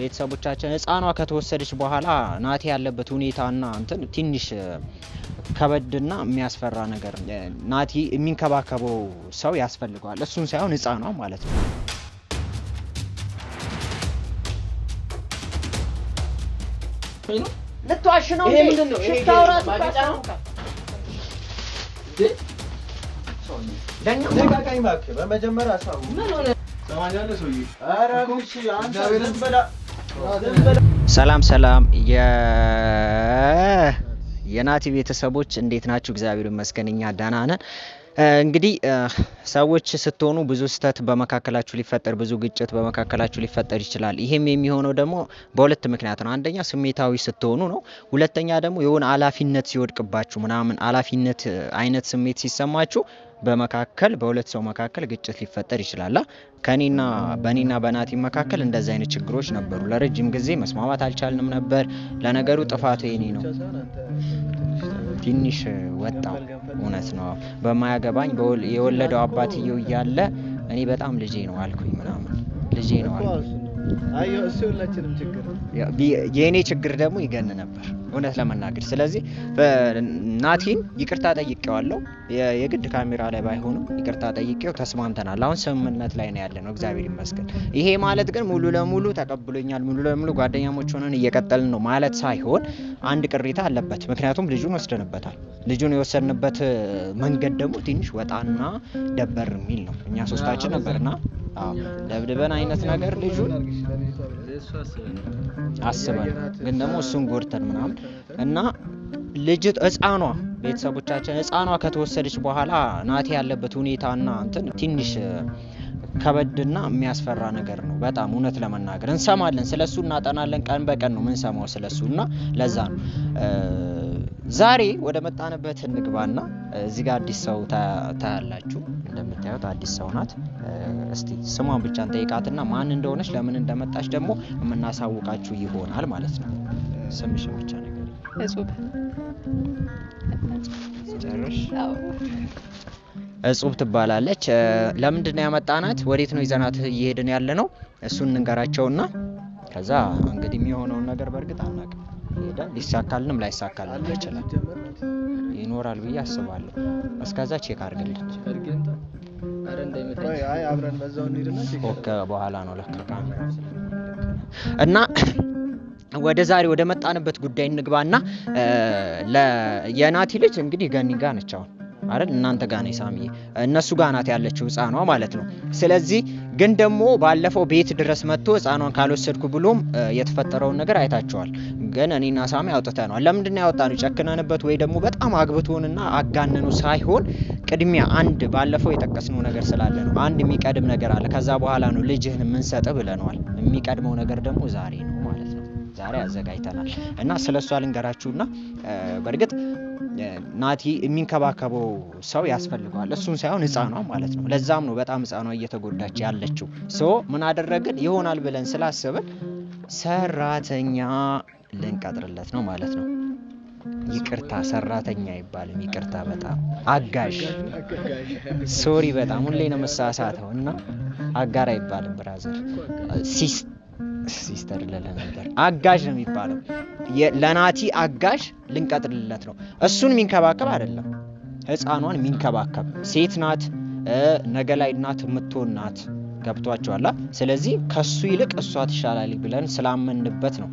ቤተሰቦቻችን ህፃኗ ከተወሰደች በኋላ ናቲ ያለበት ሁኔታና እንትን ትንሽ ከበድና የሚያስፈራ ነገር ናቲ የሚንከባከበው ሰው ያስፈልገዋል። እሱን ሳይሆን ህፃኗ ማለት ነው። ልትዋሽ ነው ሽታው ሰላም ሰላም የናቲ ቤተሰቦች እንዴት ናችሁ? እግዚአብሔር ይመስገን እኛ ደህና ነን። እንግዲህ ሰዎች ስትሆኑ ብዙ ስህተት በመካከላችሁ ሊፈጠር ብዙ ግጭት በመካከላችሁ ሊፈጠር ይችላል። ይህም የሚሆነው ደግሞ በሁለት ምክንያት ነው። አንደኛ ስሜታዊ ስትሆኑ ነው። ሁለተኛ ደግሞ የሆነ ኃላፊነት ሲወድቅባችሁ ምናምን ኃላፊነት አይነት ስሜት ሲሰማችሁ በመካከል በሁለት ሰው መካከል ግጭት ሊፈጠር ይችላል። ከኔና በኔና በናቲ መካከል እንደዚህ አይነት ችግሮች ነበሩ። ለረጅም ጊዜ መስማማት አልቻልንም ነበር። ለነገሩ ጥፋቱ የኔ ነው። ትንሽ ወጣው እውነት ነው። በማያገባኝ የወለደው አባትየው እያለ እኔ በጣም ልጄ ነው አልኩኝ ምናምን ልጄ ነው አልኩኝ። የእኔ ችግር ደግሞ ይገን ነበር እውነት ለመናገር ስለዚህ ናቲን ይቅርታ ጠይቄዋለሁ። የግድ ካሜራ ላይ ባይሆንም ይቅርታ ጠይቄው ተስማምተናል። አሁን ስምምነት ላይ ነው ያለ ነው፣ እግዚአብሔር ይመስገን። ይሄ ማለት ግን ሙሉ ለሙሉ ተቀብሎኛል፣ ሙሉ ለሙሉ ጓደኛሞች ሆነን እየቀጠልን ነው ማለት ሳይሆን አንድ ቅሬታ አለበት። ምክንያቱም ልጁን ወስደንበታል። ልጁን የወሰድንበት መንገድ ደግሞ ትንሽ ወጣና ደበር የሚል ነው። እኛ ሶስታችን ነበርና ደብድበን አይነት ነገር ልጁን አስበን ግን ደግሞ እሱን ጎድተን ምናምን እና ልጅ ህፃኗ ቤተሰቦቻችን ህፃኗ ከተወሰደች በኋላ ናቲ ያለበት እና እንትን ትንሽ ከበድና የሚያስፈራ ነገር ነው። በጣም እውነት ለመናገር እንሰማለን፣ ስለሱ እናጠናለን። ቀን በቀን ነው ምንሰማው እሱ እና ለዛ ነው ዛሬ ወደ መጣንበት እንግባና እዚህ ጋር አዲስ ሰው ታያላችሁ። እንደምታዩት አዲስ ሰው ናት። እስቲ ስሟን ብቻ እንጠይቃትና ማን እንደሆነች ለምን እንደመጣች ደግሞ የምናሳውቃችሁ ይሆናል ማለት ነው። ስምሽ ብቻ ነገር እጹብ ትባላለች። ለምንድን ነው ያመጣናት? ወዴት ነው ይዘናት እየሄድን ያለ ነው? እሱን እንንገራቸውና ከዛ እንግዲህ የሚሆነውን ነገር በእርግጥ አናውቅም። ይሄዳል ሊሳካልንም ላይሳካልንም ይችላል ይኖራል ብዬ አስባለሁ። እስከዛ ቼክ አድርግልኝ። በኋላ ነው እና ወደ ዛሬ ወደ መጣንበት ጉዳይ እንግባና የናቲ ልጅ እንግዲህ ገኒ ጋ ነች አሁን አይደል? እናንተ ጋ ነው ሳምዬ፣ እነሱ ጋ ናት ያለችው ህፃኗ ማለት ነው። ስለዚህ ግን ደግሞ ባለፈው ቤት ድረስ መጥቶ ህፃኗን ካልወሰድኩ ብሎም የተፈጠረውን ነገር አይታቸዋል። ግን እኔና ሳሚ አውጥተነዋል። ለምንድን ነው ያወጣነው? ጨክነንበት ወይ ደግሞ በጣም አግብቶንና አጋነኑ ሳይሆን ቅድሚያ አንድ ባለፈው የጠቀስነው ነገር ስላለ ነው። አንድ የሚቀድም ነገር አለ። ከዛ በኋላ ነው ልጅህን የምንሰጥ ብለነዋል። የሚቀድመው ነገር ደግሞ ዛሬ ነው ማለት ነው። ዛሬ አዘጋጅተናል እና ስለ እሷ ልንገራችሁና በእርግጥ ናቲ የሚንከባከበው ሰው ያስፈልገዋል። እሱን ሳይሆን ህፃኗ ማለት ነው። ለዛም ነው በጣም ህፃኗ እየተጎዳች ያለችው። ሶ ምን አደረግን ይሆናል ብለን ስላስብን ሰራተኛ ልንቀጥርለት ነው ማለት ነው። ይቅርታ ሰራተኛ አይባልም። ይቅርታ በጣም አጋዥ፣ ሶሪ በጣም ሁሌ ነው መሳሳተው እና አጋር አይባልም። ብራዘር ሲስተር ለለ ነበር አጋዥ ነው የሚባለው። ለናቲ አጋዥ ልንቀጥርለት ነው። እሱን የሚንከባከብ አይደለም፣ ህፃኗን የሚንከባከብ ሴት ናት። ነገ ላይ እናት የምትሆን ናት። ገብቷቸዋላ። ስለዚህ ከሱ ይልቅ እሷ ትሻላል ብለን ስላመንበት ነው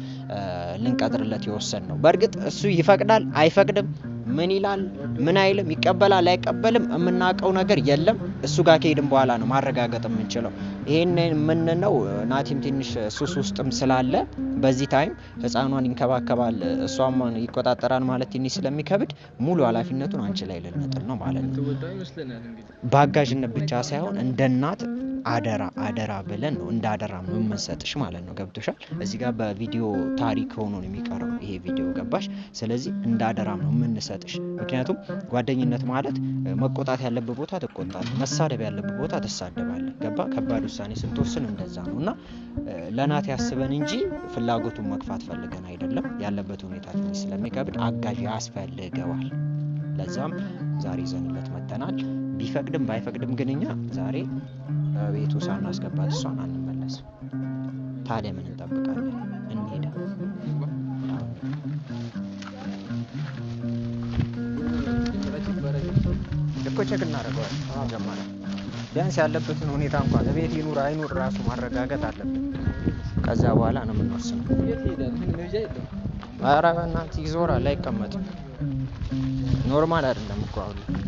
ልንቀጥርለት የወሰን ነው። በእርግጥ እሱ ይፈቅዳል አይፈቅድም፣ ምን ይላል ምን አይልም፣ ይቀበላል አይቀበልም፣ የምናውቀው ነገር የለም። እሱ ጋር ከሄድን በኋላ ነው ማረጋገጥ የምንችለው። ይህን የምንለው ናቲም ትንሽ ሱስ ውስጥም ስላለ በዚህ ታይም ህፃኗን ይንከባከባል፣ እሷም ይቆጣጠራል ማለት ትንሽ ስለሚከብድ ሙሉ ኃላፊነቱን አንቺ ላይ ልንጥል ነው ማለት ነው። በአጋዥነት ብቻ ሳይሆን እንደ እናት አደራ አደራ ብለን ነው እንደ አደራ የምንሰጥሽ ማለት ነው። ገብቶሻል? እዚህ ጋር በቪዲዮ ታሪክ ሆኖ ነው የሚቀረው ይሄ ቪዲዮ ገባሽ? ስለዚህ እንደ አደራ ነው የምንሰጥሽ። ምክንያቱም ጓደኝነት ማለት መቆጣት ያለበት ቦታ ትቆጣት መሳደብ ያለብህ ቦታ ትሳደባለህ። ገባ ከባድ ውሳኔ ስትወስን እንደዛ ነው እና ለናት ያስበን እንጂ ፍላጎቱን መግፋት ፈልገን አይደለም። ያለበት ሁኔታ ትንሽ ስለሚከብድ አጋዥ ያስፈልገዋል። ለዛም ዛሬ ዘንለት መጥተናል። ቢፈቅድም ባይፈቅድም ግንኛ ዛሬ ቤቱ ሳናስገባት እሷን አንመለስም። ታዲያ ምን እኮ ቼክ እናደርገዋል። መጀመሪያ ቢያንስ ያለበትን ሁኔታ እንኳን እቤት ይኑር አይኑር ራሱ ማረጋገጥ አለብን። ከዛ በኋላ ነው የምንወስነው። ኧረ በእናትህ ይዞራል፣ አይቀመጥም። ኖርማል አይደለም እኮ አሁን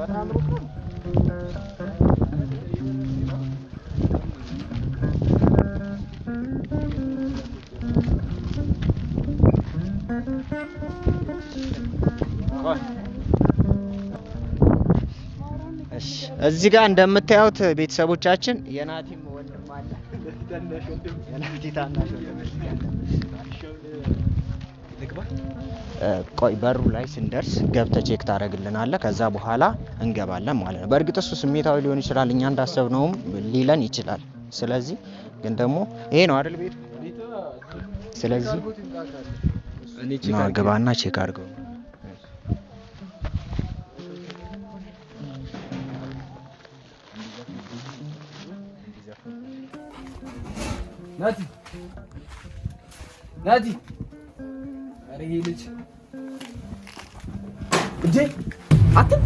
በጣም እዚህ ጋር እንደምታዩት ቤተሰቦቻችን የናቲም ወንድም አለ። የናቲ ታናሽ ቆይ በሩ ላይ ስንደርስ ገብተ ቼክ ታደረግልናለ። ከዛ በኋላ እንገባለን ማለት ነው። በእርግጥ እሱ ስሜታዊ ሊሆን ይችላል፣ እኛ እንዳሰብነውም ሊለን ይችላል። ስለዚህ ግን ደግሞ ይሄ ነው አይደል ቤቱ። ስለዚህ ግባና ቼክ አድርገው ናቲ ናቲ፣ ኧረ ይሄ ልጅ እንዴ! አትም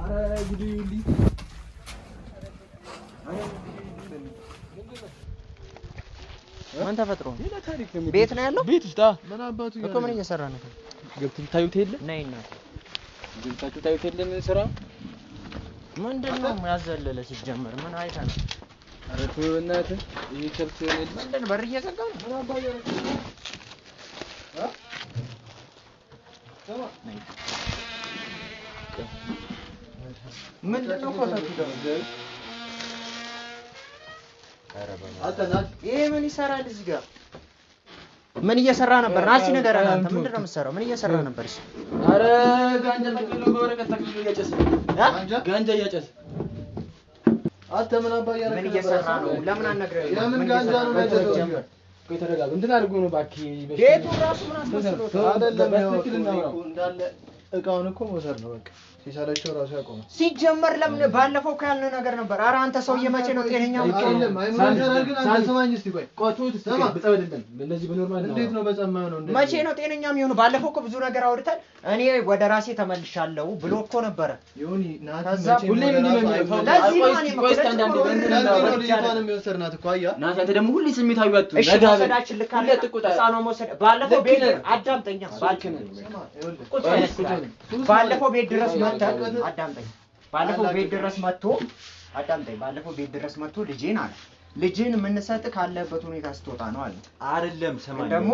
ኧረ ጉድ ይኸውልኝ። ምን ተፈጥሮ ቤት ነው ያለው? ቤት ውስጥ ምን አባቱ እኮ ምን እየሰራ ነው? ገብታችሁ ታዩት የለ ነይ እና ገብታችሁ ታዩት የለ ምን ስራ ምንድን ነው ያዘለለ ሲጀመር ምን አይታ ነው ምን ይሰራል እዚህ ጋር? ምን እየሰራ ነበር? ናሲ ነገር አለ። አንተ ምንድን ነው የምትሰራው? ምን እየሰራ ነበር? እሱ ኧረ ጋንጃ ተክሎ በወረቀት ተክሎ እያጨሰ ጋንጃ እያጨሰ አንተ ምን አባ ምን እየሰራ ነው? ለምን አነግረኝ? ለምን ጋንጃ ነው ነው? ነው ቤቱ ራሱ ምን አይደለም። እንዳለ እቃውን እኮ መውሰድ ነው በቃ ሲሰለቸው ራሱ ያቆማል። ሲጀመር ለምን ባለፈው ካልን ነገር ነበር። ኧረ አንተ ሰውዬ መቼ ነው ጤነኛ? መቼ ነው ጤነኛ የሚሆኑ? ባለፈው እኮ ብዙ ነገር አውርተን እኔ ወደ ራሴ ተመልሻለሁ ብሎ እኮ ነበረ። አንተ ደግሞ ሁሌ ስሜታዊ ባለፈው ቤት ድረስ አዳምጠኝ። ባለፈው ቤት ድረስ መጥቶ አዳምጠኝ። ባለፈው ቤት ድረስ መጥቶ ልጄን አለ ልጅን የምንሰጥ ካለበት ሁኔታ ስትወጣ ነው አለ። አይደለም ሰማኝ። ደግሞ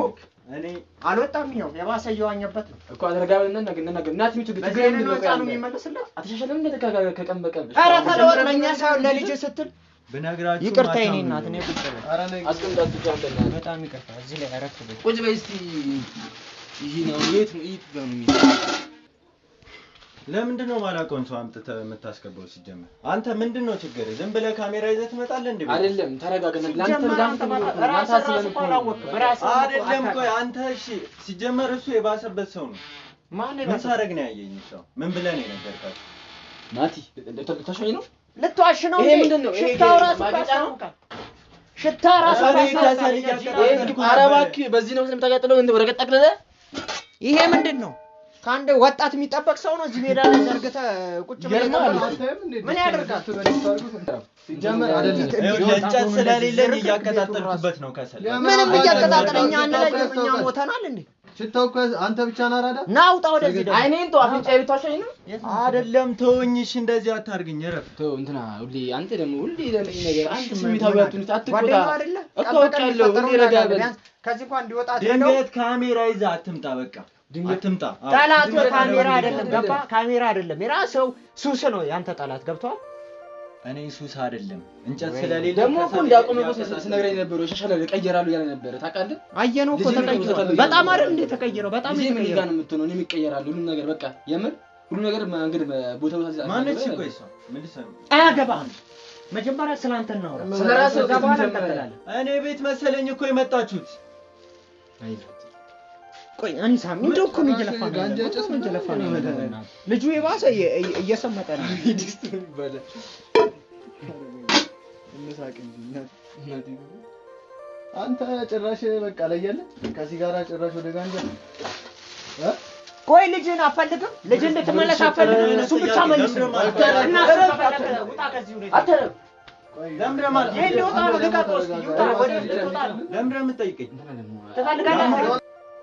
እኔ አልወጣም። ይኸው የባሰ እየዋኘበት ነው እኮ አደረጋዊ እና ነገ ነገ እናት ሚቱ ግትገኝ ነው ቃሉ የሚመለስለት አትሻሻልም። እንደ ከቀን በቀን ኧረ ተለወጥ። ለእኛ ሳይሆን ለልጅ ስትል ብነግራችሁ ይቅርታ፣ የኔ እናት ነው። ቁጭ በል አስቀምጣት። ብቻለና በጣም ይቅርታ። እዚህ ላይ አረፍ ቁጭ በይ እስቲ። ይሄ ነው የት ነው ይት ነው ለምንድን ነው ማላውቀውን ሰው አምጥተህ የምታስገባው? ሲጀመር አንተ ምንድን ነው ችግር? ዝም ብለህ ካሜራ ይዘህ ትመጣለህ እንዴ? አይደለም፣ ተረጋጋ። አይደለም፣ ቆይ አንተ እሺ። ሲጀመር እሱ የባሰበት ሰው ነው። ምን ሳደርግ ነው ያየኝ? ሰው ምን ብለህ ነው የነገርካቸው? ናቲ፣ ልታሸኝ ነው? ልትዋሽ ነው? ይሄ ምንድን ነው? ሽታው ራሱ ያስታውቃል። ሽታ ራሱ ያስታውቃል። ኧረ እባክህ፣ በዚህ ነው ስለምታቃጥለው ወረቀት ገጠቅልለህ። ይሄ ምንድን ነው? ከአንድ ወጣት የሚጠበቅ ሰው ነው። እዚህ ሜዳ ላይ ዘርግተ ቁጭ ምን ያደርጋል? ስለሌለን እያቀጣጠልኩበት ነው። ከሰል ምንም እያቀጣጠለ እኛ አንለኝም። እኛ ሞተናል እንዴ? ሽታው አንተ ብቻ ነህ አራዳ። ና ውጣ ወደዚህ። አይኔን ተው፣ አፍንጫዬ ብታሸኝ ነው አይደለም። ተወኝሽ፣ እንደዚህ አታርግኝ፣ እረፍ። ተው እንትና። ሁሌ አንተ ደግሞ ሁሌ ለምን ነገር አንተ ስሜታዊ አትሁን፣ አትቆጣ እኮ አውቃለሁ። ሁሌ ረጋ በል። ከዚህ እንኳን እንዲወጣ ድንገት ካሜራ ይዛ አትምጣ በቃ ድንገትምጣ ጠላቱ ካሜራ አይደለም፣ ገባ ካሜራ አይደለም። የራስህ ሱስ ነው ያንተ ጠላት። ገብቷል። እኔ ሱስ አይደለም እንጨት ስለሌለ ደግሞ እኮ እንዳቆመ ስነግረኝ ነበረ። ሻሻለ ቀየራሉ ያለ ነበረ። ታውቃለህ? አየነው እኮ ተቀይሮ በጣም አይደል እንደ ተቀይረው በጣም የተቀየረ ነው የምትሆነው። እኔም ይቀየራሉ ሁሉ ነገር በቃ የምር ሁሉ ነገር እንግዲህ ቦታ ቦታ ማነች ቆይሳ አያገባህም። መጀመሪያ ስላንተ እናውራ። ስለራስህ ገባ እንቀጥላለን። እኔ ቤት መሰለኝ እኮ የመጣችሁት ቆይ አኒሳ ምንድን እኮ ነው እየለፋ ነው እየለፋ ነው ልጁ የባሰ እየሰመጠ ነው። አንተ ጭራሽ በቃ ለየለ ከዚህ ጋራ ጭራሽ ወደ ጋንጃ ቆይ ልጅህን አፈልግም። ልጅህን እንድትመለስ አፈልግም። እሱ ብቻ መልስ ነው። ለምንድን ነው የምትጠይቀኝ?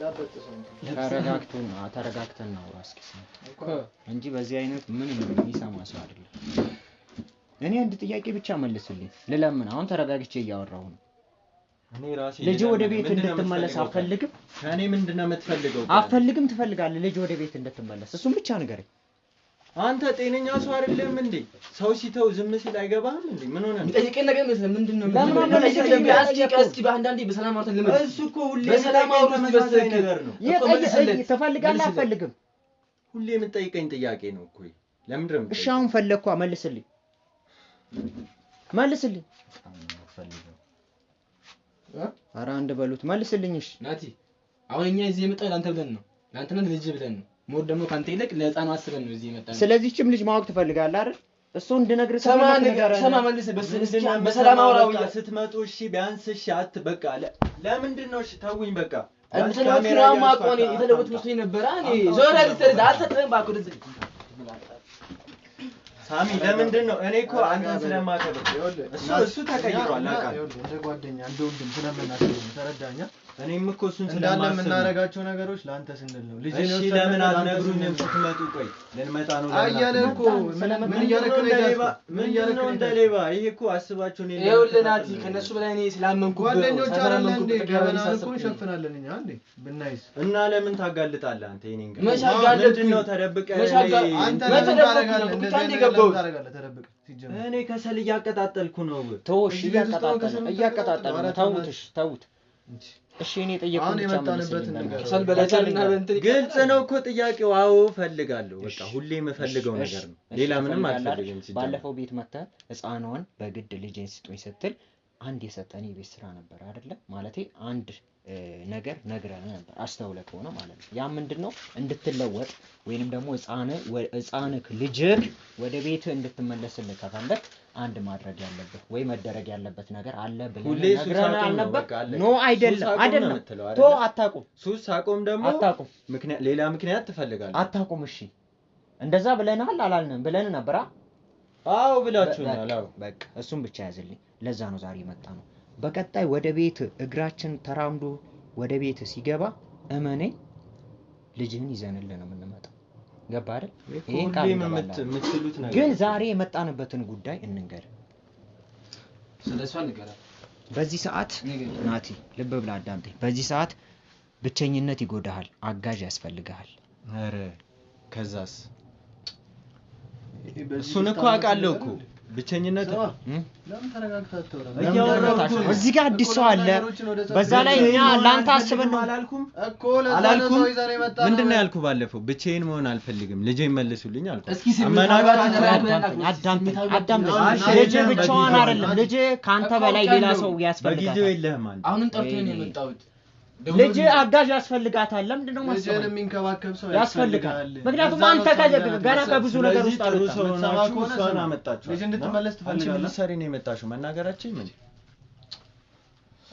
ተረጋግተን ነው ተረጋግተን ነው እስኪ እንጂ በዚህ አይነት ምን የሚሰማ ሰው አይደለም። እኔ አንድ ጥያቄ ብቻ መልስልኝ ልለምን። አሁን ተረጋግቼ እያወራሁ ነው። ልጅ ወደ ቤት እንድትመለስ አፈልግም። የምትፈልገው? አፈልግም ትፈልጋለህ? ልጅ ወደ ቤት እንድትመለስ ብቻ ንገረኝ። አንተ ጤነኛ ሰው አይደለም እንዴ? ሰው ሲተው ዝም ሲል አይገባህም እንዴ? ምን ሆነ? የሚጠይቀኝ ነገር ምንድን ምንድን ነው? በአንዳንዴ በሰላም አውርተን ልመድ። እሱ እኮ ሁሌ በሰላም አውርተን ተመሳሳይ ነገር ነው። ትፈልጋለህ አትፈልግም? ሁሌ የምጠይቀኝ ጥያቄ ነው እኮ ለምንድን ነው? እሺ አሁን ፈለግኳ፣ መልስልኝ፣ መልስልኝ። ኧረ አንድ በሉት መልስልኝ። እሺ ናቲ፣ አሁን እኛ እዚህ የመጣው ለአንተ ብለን ነው፣ ለአንተና ልጅ ብለን ነው ሞር ደግሞ ካንተ ይልቅ ለህፃኑ አስበን ነው እዚህ የመጣነው። ስለዚህችም ልጅ ማወቅ ትፈልጋለህ አይደል? እሱ እንድነግር ሰማ ሰማ መልስ በሰላም አውራው ስትመጡ እሺ፣ ቢያንስ እሺ አት በቃ ለምንድን ነው እሺ? ተውኝ በቃ እንትን መስራው ማቆኔ የተለወጥ መስሎኝ ነበር። እኔ ዞር አልተርዝ አልሰጥህም ባኩ ድዝ ሳሚ ለምንድን ነው እኔ እኮ አንተን ስለማከብር እሱ እሱ ተቀይሯል። አቃ እንደ ጓደኛ እንደ ወንድም ስለምናስብ ተረዳኛ እኔም እኮ እሱን እንዳለ የምናደርጋቸው ነገሮች ለአንተ ስንል ነው። ልጅ እሺ፣ ለምን አትነግሩኝም? ስትመጡ ቆይ ልንመጣ ነው አያለ እኮ ምን እያደረክ ነው? ምን እያደረክ ነው? እንደ ሌባ ይሄ እኮ አስባችሁ ነው። ይኸውልህ ናቲ፣ ከእነሱ በላይ እኔ ስላመንኩ ጓደኞች አይደለ እንዴ? ገበና እኮ እንሸፍናለን እኛ እንዴ ብናይስ። እና ለምን ታጋልጣለህ አንተ? ይሄን እንግዲህ መች አጋለጥኩኝ ነው? ተደብቀህ አንተ ለምን ታደርጋለህ? ብቻ እንደ ገባሁት ተደብቀህ ሲጀምር እኔ ከሰል እያቀጣጠልኩ ነው። ተወው፣ እሺ፣ እያቀጣጠልኩ እያቀጣጠልኩ ተውት፣ እሺ፣ ተውት እሺ እኔ ጠየቁን ብቻ ግልጽ ነው እኮ ጥያቄው። አዎ ፈልጋለሁ፣ በቃ ሁሌ የምፈልገው ነገር ነው። ሌላ ምንም አልፈልግም። ባለፈው ቤት መታ ህፃኗን በግድ ልጄን ስጡኝ ስትል አንድ የሰጠን የቤት ስራ ነበር አይደለ? ማለት አንድ ነገር ነግረን ነበር አስተውለ ከሆነ ማለት ነው። ያ ምንድን ነው እንድትለወጥ ወይንም ደግሞ ህፃንህ ልጅህ ወደ ቤትህ እንድትመለስልህ ከፈለግ አንድ ማድረግ ያለብህ ወይ መደረግ ያለበት ነገር አለ ብለህ ነግረኸናል ነበር። ኖ አይደለም አይደለም፣ ቶ አታቁም። ሱስ አቁም ደግሞ አታቁም። ሌላ ምክንያት ትፈልጋለህ። አታቁም። እሺ እንደዛ ብለናል አላልንም? ብለን ነበራ አዎ ብላችሁኛል። አዎ በቃ እሱም ብቻ ያዝልኝ። ለዛ ነው ዛሬ መጣ ነው። በቀጣይ ወደ ቤት እግራችን ተራምዶ ወደ ቤት ሲገባ እመነኝ ልጅህን ይዘንልን ነው የምንመጣው። ገባ አይደል? ይሄን ቃል የምትሉት ነገር ግን ዛሬ የመጣንበትን ጉዳይ እንንገር። ስለሷ ንገራ። በዚህ ሰዓት ናቲ፣ ልብ ብላ አዳምጠኝ። በዚህ ሰዓት ብቸኝነት ይጎዳሃል፣ አጋዥ ያስፈልግሃል። ኧረ ከዛስ እሱን እኮ አውቃለሁ እኮ ብቸኝነት እዚህ ጋር አዲስ ሰው አለ። በዛ ላይ እኛ ለአንተ አስበን ነው አላልኩም። ምንድን ነው ያልኩ? ባለፈው ብቻዬን መሆን አልፈልግም፣ ልጄን መልሱልኝ አልኩ። ልጅ ብቻዋን አይደለም፣ ልጅ ከአንተ በላይ ሌላ ሰው ያስፈልጋል። በጊዜው የለህም አንተ አሁንም ጠርቶ ነው የመጣሁት ልጅ አጋዥ ያስፈልጋታል። ለምንድን ነው ልጅን የሚንከባከብ ሰው ያስፈልጋል? ምክንያቱም አንተ ገና ከብዙ ነገር ውስጥ ሰው አልወጣም። እሷን አመጣችሁ ልጅ እንድትመለስ ትፈልጋለህ። ልትሰሪ ነው የመጣሽው? መናገራችን ምን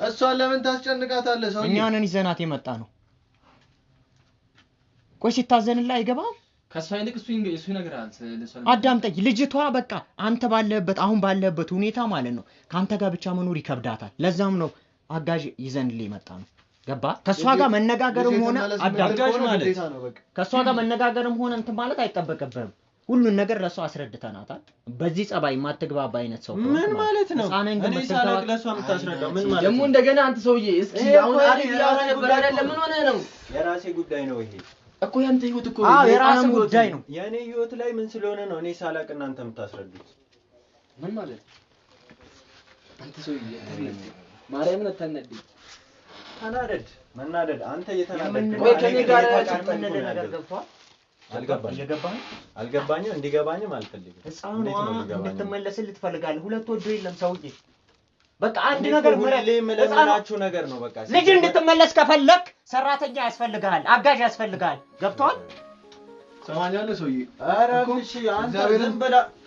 እሷን ለምን ታስጨንቃታለህ? ሰው እኛንን ይዘናት የመጣ ነው። ቆይ ሲታዘንልህ አይገባም። ከእሷ ይልቅ እሱ እሱ ይነግራል። አዳምጠኝ። ልጅቷ በቃ አንተ ባለህበት አሁን ባለህበት ሁኔታ ማለት ነው ከአንተ ጋር ብቻ መኖር ይከብዳታል። ለዛም ነው አጋዥ ይዘንልህ የመጣ ነው። ገባ ከእሷ ጋር መነጋገርም ሆነ አዳጃጅ ማለት ከእሷ ጋር መነጋገርም ሆነ እንትን ማለት አይጠበቅብህም። ሁሉን ነገር ለእሷ አስረድተናታል። በዚህ ጸባይ የማትግባባ አይነት ሰው ምን ማለት ነው? ሳነን ግን መሰንተባ ለእሷ የምታስረዳው ምን ማለት ደግሞ እንደገና አንተ ሰውዬ እስኪ አሁን አሪፍ እያወራ ነበር አይደለ? ምን ሆነ ነው? የራሴ ጉዳይ ነው ይሄ እኮ ያንተ ህይወት እኮ የራሴ ጉዳይ ነው። የእኔ ህይወት ላይ ምን ስለሆነ ነው እኔ ሳላቅ እናንተ የምታስረዱት? ምን ማለት አንተ ሰውዬ ማርያምን አታናድኝ። ተናደድ መናደድ አንተ እየተናደድክ ወይ ከኔ ጋር መነደ ነገር ገብቷል። አልገባኝም አልገባኝም እንዲገባኝም አልፈልግም። ህፃኗ እንድትመለስልህ ልትፈልጋለህ። ሁለት ወዶ የለም ሰውዬ። በቃ አንድ ነገር ምረጥ። የምለምናችሁ ነገር ነው። በቃ ልጅ እንድትመለስ ከፈለክ ሰራተኛ ያስፈልግሃል፣ አጋዥ ያስፈልግሃል። ገብቷል? ሰማኛለህ ሰውዬ። ኧረ አንተ ዝም ብለህ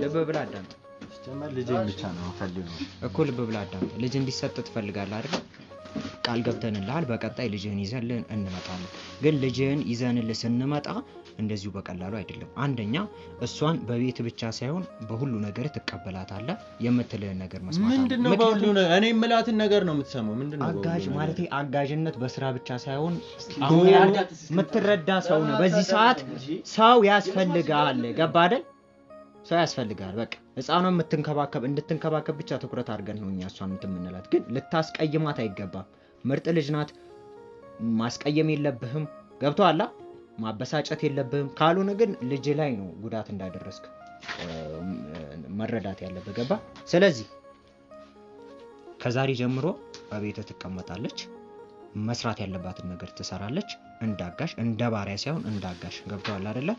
ልብ ብላ አዳምጥ። ልጅ ብቻ ነው እኮ ልብ ብላ አዳምጥ። ልጅ እንዲሰጥ ትፈልጋለህ አይደል? ቃል ገብተንልሃል፣ በቀጣይ ልጅህን ይዘልን እንመጣለን። ግን ልጅህን ይዘንልህ ስንመጣ እንደዚሁ በቀላሉ አይደለም። አንደኛ እሷን በቤት ብቻ ሳይሆን በሁሉ ነገር ትቀበላታለህ። የምትልህን ነገር መስማት ምንድነው? በሁሉ እኔ የምላትን ነገር ነው የምትሰማው። ምንድነው? አጋዥ ማለት አጋዥነት በስራ ብቻ ሳይሆን አሁን የምትረዳ ሰው ነው። በዚህ ሰዓት ሰው ያስፈልጋል። ገባ አይደል? ሰው ያስፈልጋል። በቃ ህፃኗ የምትንከባከብ እንድትንከባከብ ብቻ ትኩረት አድርገን ነው እኛ እሷን የምንላት፣ ግን ልታስቀይማት አይገባም። ምርጥ ልጅ ናት። ማስቀየም የለብህም ገብቶሃል። ማበሳጨት የለብህም ካልሆነ ግን ልጅ ላይ ነው ጉዳት እንዳደረስክ መረዳት ያለብህ ገባ። ስለዚህ ከዛሬ ጀምሮ በቤት ትቀመጣለች። መስራት ያለባትን ነገር ትሰራለች። እንዳጋሽ እንደ ባሪያ ሳይሆን እንዳጋሽ ገብተዋል አይደለ?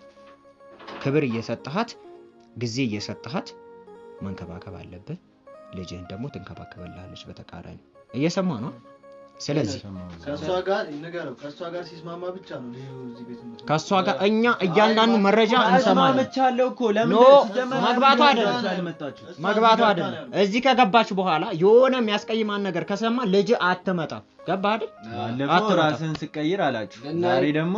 ክብር እየሰጠሃት ጊዜ እየሰጠሃት መንከባከብ አለብህ። ልጅህን ደግሞ ትንከባከበላለች በተቃራኒ እየሰማ ነው። ስለዚህ ከእሷ ጋር እኛ እያንዳንዱ መረጃ እንሰማለን። ኖ አይደለም እዚህ ከገባች በኋላ የሆነ የሚያስቀይማን ነገር ከሰማ ልጅ አትመጣም። ገባ አይደል? ባለፈው ስቀይር አላችሁ። ዛሬ ደግሞ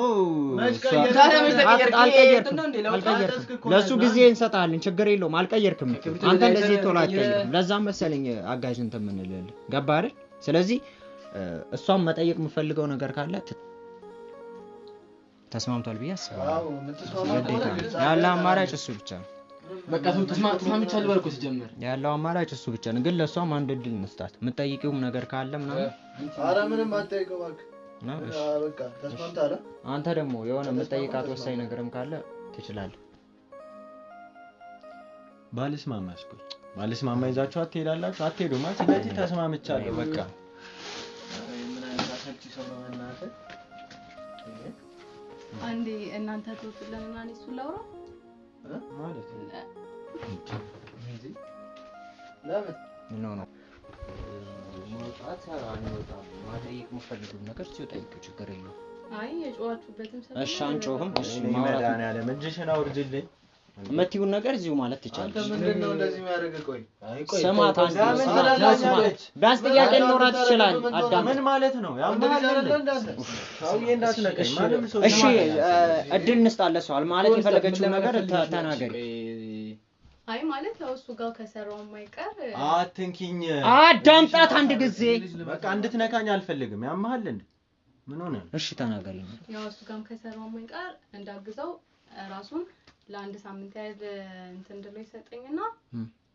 ለእሱ ጊዜ እንሰጣለን፣ ችግር የለውም። አልቀየርክም። አንተ እንደዚህ ቶሎ አትቀይርም። ለዛ መሰለኝ አጋዥ እንትን የምንልልህ። ገባህ አይደል? ስለዚህ እሷም መጠየቅ የምፈልገው ነገር ካለ ተስማምቷል ብዬ አስባለሁ። ያለ አማራጭ እሱ ብቻ ነው። ያለው አማራጭ እሱ ብቻ ነው። ግን ለእሷም አንድ እድል እንስጣት። የምጠይቂውም ነገር ካለ ምናምን አንተ ደግሞ የሆነ የምጠይቃት ወሳኝ ነገርም ካለ ትችላለህ። ባልስማማ ባልስማማ ይዛችሁ አትሄዳላችሁ። አትሄዱማ። ስለዚህ ተስማምቻለሁ በቃ አንዴ እናንተ ተወጡልን እና እኔ እሱን ላውራ ማለት ነው። ለምን መውጣት አንወጣም? ማጠየቅ የምፈልገው ነገር ሲወጣ ችግር የለውም። አይ የጨዋችሁበትም ሰው እሺ አንጮህም። እሺ ማውራት ያለ አውርጅልኝ የምትዩን ነገር እዚሁ ማለት ትችላለች። ስማት ቢያንስ ጥያቄ ሊኖራት ይችላል። ምን ማለት ነው? እሺ እድል እንስጣለ ሰዋል ማለት የፈለገችው ነገር ተናገሪ። አይ ማለት ያው እሱ ጋር ከሰራው የማይቀር አትንኪኝ፣ አዳምጣት አንድ ጊዜ በቃ እንድትነካኝ አልፈልግም። ያመሃል እንዴ? ምን ሆነ? እሺ ተናገሪ። ያው እሱ ጋር ከሰራው የማይቀር እንዳግዘው ራሱን ለአንድ ሳምንት ያህል እንትን ድሎ ይሰጠኝና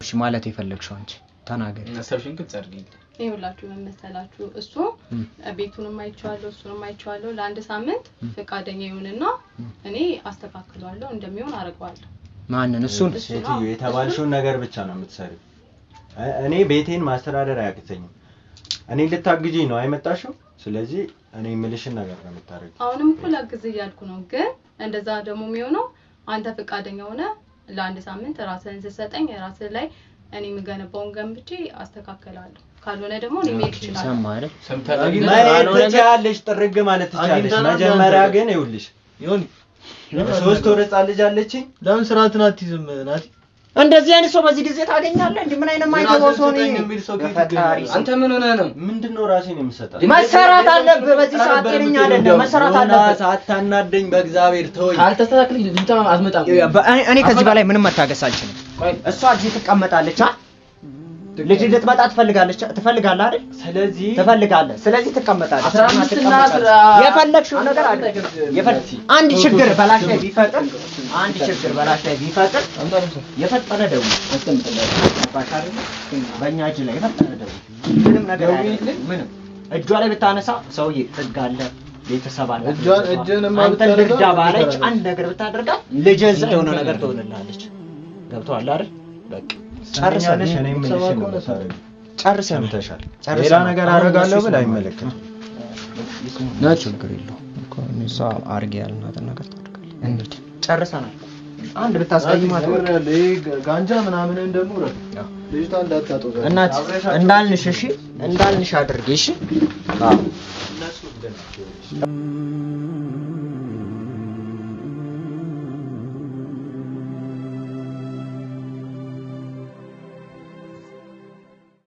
እሺ ማለት የፈለግሽው አንቺ ተናገሪ። መሰብሽን ግልጽ አድርጊልኝ። ይኸውላችሁ መመሰላችሁ እሱ ቤቱንም አይቼዋለሁ እሱንም አይቼዋለሁ። ለአንድ ሳምንት ፈቃደኛ ይሁንና እኔ አስተካክሏለሁ፣ እንደሚሆን አደርገዋለሁ። ማንን? እሱን ሴትዮ የተባልሽውን ነገር ብቻ ነው የምትሰሪው። እኔ ቤቴን ማስተዳደር አያቅተኝም። እኔ ልታግዢኝ ነው አይመጣሽው። ስለዚህ እኔ የምልሽን ነገር ነው የምታደርጊው። አሁንም እኮ ላግዝ እያልኩ ነው፣ ግን እንደዛ ደግሞ የሚሆነው አንተ ፈቃደኛ ሆነ ለአንድ ሳምንት ራስህን ስሰጠኝ ራስህ ላይ እኔ የምገነባውን ገንብቼ አስተካከላለሁ። ካልሆነ ደግሞ እኔ ትችያለሽ፣ ጥርግ ማለት ትችያለሽ። መጀመሪያ ግን ይኸውልሽ ሶስት ወር ህፃን ልጅ አለችኝ። ለምን ስርዓትን አትይዝም ናቲ? እንደዚህ አይነት ሰው በዚህ ጊዜ ታገኛለህ? እንዴ ምን አይነት ማይገባው ሰው ነው? አንተ ምን ሆነህ ነው? ምንድነው ራሴን የምሰጣት? መሰራት አለብህ በዚህ ሰዓት። ጤነኛ አይደለም፣ መሰራት አለብህ። አታናደኝ፣ በእግዚአብሔር ተወኝ። ካልተስተካከልክ ልጅቷ አትመጣም። እኔ ከዚህ በላይ ምንም መታገስ አልችልም። እሷ እዚህ ትቀመጣለች። ልጅ ልትመጣ ትፈልጋለች ትፈልጋለህ አይደል? ስለዚህ ትፈልጋለህ፣ ስለዚህ ትቀመጣለህ። የፈለግሽውን ነገር አይደል? አንድ ችግር በላሽ ላይ ቢፈጥር አንድ ችግር በላሽ ላይ ቢፈጥር የፈጠረ ደውል በእኛ እጅ ላይ የፈጠረ ደውል ምንም ነገር ምንም እጇ ላይ ብታነሳ ሰውዬ ጥግ አለ ቤተሰብ አለ። አንተ ልርዳ ባለች አንድ ነገር ብታደርጋት ልጅ እዛ የሆነ ነገር ትሆንልሃለች። ገብቶሃል አይደል? በቃ ጨርሰን ሌላ ነገር አደርጋለሁ ብል አይመለከትም ና ችግር የለውም አድርጌ ያልናትን ነገር ታደርጋለህ እንሂድ ጨርሰናል አንድ ብታስቀይማት ጋንጃ ምናምንን ደግሞ ልጅቷ እንዳታጠው እናት እንዳልንሽ እሺ እንዳልንሽ አድርጌ እሺ